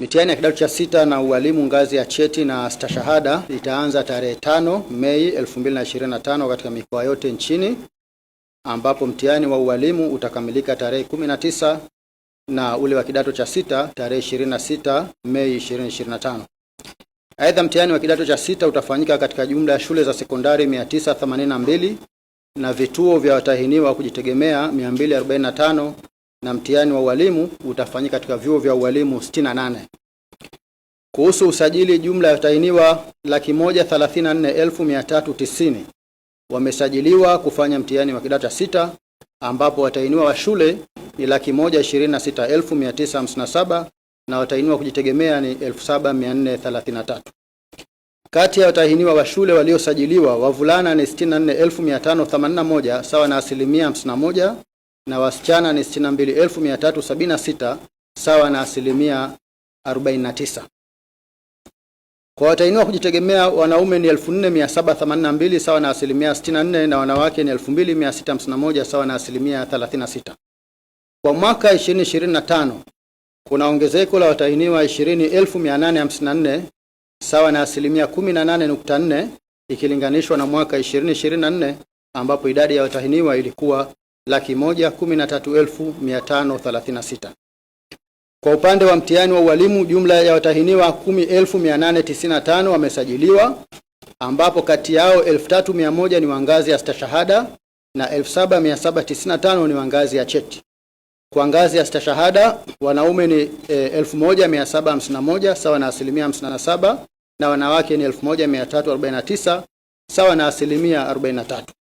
Mitihani ya kidato cha sita na ualimu ngazi ya cheti na stashahada itaanza tarehe tano Mei 2025 katika mikoa yote nchini ambapo mtihani wa ualimu utakamilika tarehe 19 na ule wa kidato cha sita tarehe 26 Mei 2025. Aidha, mtihani wa kidato cha sita utafanyika katika jumla ya shule za sekondari 982 na vituo vya watahiniwa kujitegemea 245 na mtihani wa ualimu utafanyika katika vyuo vya ualimu 68. Kuhusu usajili, jumla ya watahiniwa 134,390 wamesajiliwa kufanya mtihani wa kidato cha sita, ambapo watahiniwa wa shule ni 126,957 na watahiniwa kujitegemea ni 7,433. Kati ya watahiniwa wa shule waliosajiliwa, wavulana ni 64,581 sawa na asilimia 51 na wasichana ni 62376 sawa na asilimia 49. Kwa watahiniwa kujitegemea wanaume ni 4782 sawa na asilimia 64 na wanawake ni 2651 sawa na asilimia 36. Kwa mwaka 2025 kuna ongezeko la watahiniwa 20854 sawa na asilimia 18.4 ikilinganishwa na mwaka 2024 ambapo idadi ya watahiniwa ilikuwa laki moja kumi na tatu elfu mia tano thelathini na sita. Kwa upande wa mtihani wa ualimu, jumla ya watahiniwa 10895 wamesajiliwa ambapo kati yao 3100 ni wa ngazi ya stashahada na 7795 ni wa ngazi ya cheti. Kwa ngazi ya stashahada wanaume ni e, eh, 1751 sawa na asilimia 57 na wanawake ni 1349 sawa na asilimia 43.